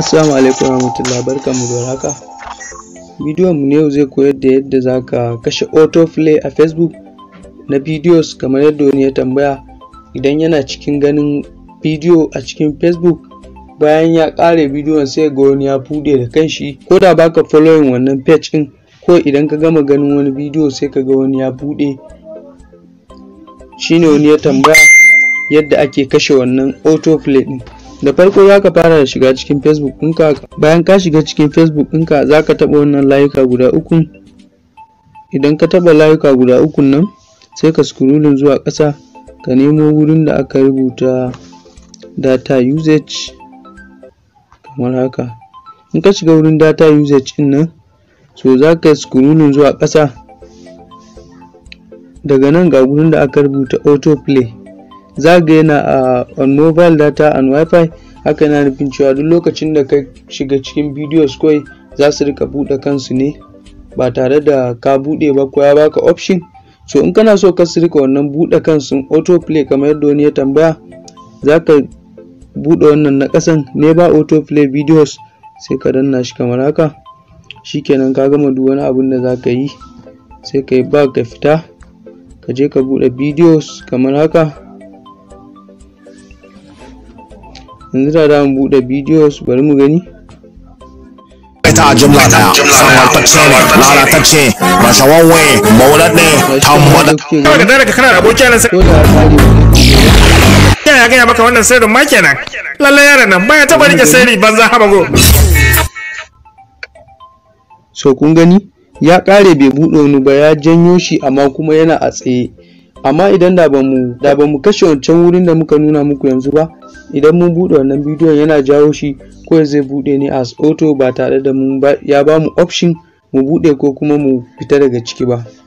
Assalamu alaikum warahmatullahi mu da haka Bidiyon mu yau zai koyar da yadda zaka ka kashe autoplay a Facebook na videos kamar yadda wani ya tambaya idan yana cikin ganin bidiyo a cikin Facebook bayan ya kare bidiyon sai ga wani ya fude da kanshi ko da baka following wannan page ɗin ko idan ka gama ganin wani bidiyo sai ka ga wani ya buɗe shine wani ya tambaya yadda ake kashe wannan autoplay din da farko za ka fara da shiga cikin facebook ɗinka bayan ka shiga cikin facebook ɗinka za ka taɓa wannan layuka guda uku idan ka taɓa layuka guda uku nan sai ka scrolling zuwa ƙasa ka nemo wurin da aka rubuta data usage kamar haka in ka shiga wurin data usage ɗin nan so za ka scrolling zuwa ƙasa daga nan ga wurin da aka rubuta autoplay za ga yana a on mobile data and wifi haka yana nufin cewa duk lokacin da ka shiga cikin videos kawai za su rika buɗe kansu ne ba tare da ka buɗe ba ko ya baka option so in kana so ka rika wannan buɗe kansu autoplay kamar yadda wani ya tambaya za ka buɗe wannan na ƙasan ne ba autoplay videos sai ka danna shi kamar haka shikenan ka gama duk wani abun da za ka yi sai ka yi ba ka fita ka je ka buɗe videos kamar haka yanzu da mu buɗe videos bari mu gani ta jumla daya samartacce ne lalatacce rashawanwe maulaɗe tambada da dare ka kana abokin nan sai ya gaya maka wannan sirrin ma kenan lallai yaran nan baya taɓa rike sirri banza habago so kun gani ya ƙare bai buɗe wani ba ya janyo shi amma kuma yana a tsaye amma idan da bamu da bamu kashe wancan wurin da muka nuna muku yanzu ba idan mun bude wannan bidiyon yana jawo shi ko zai bude ne as auto ba tare da mun ya bamu option mu bude ko kuma mu fita daga ciki ba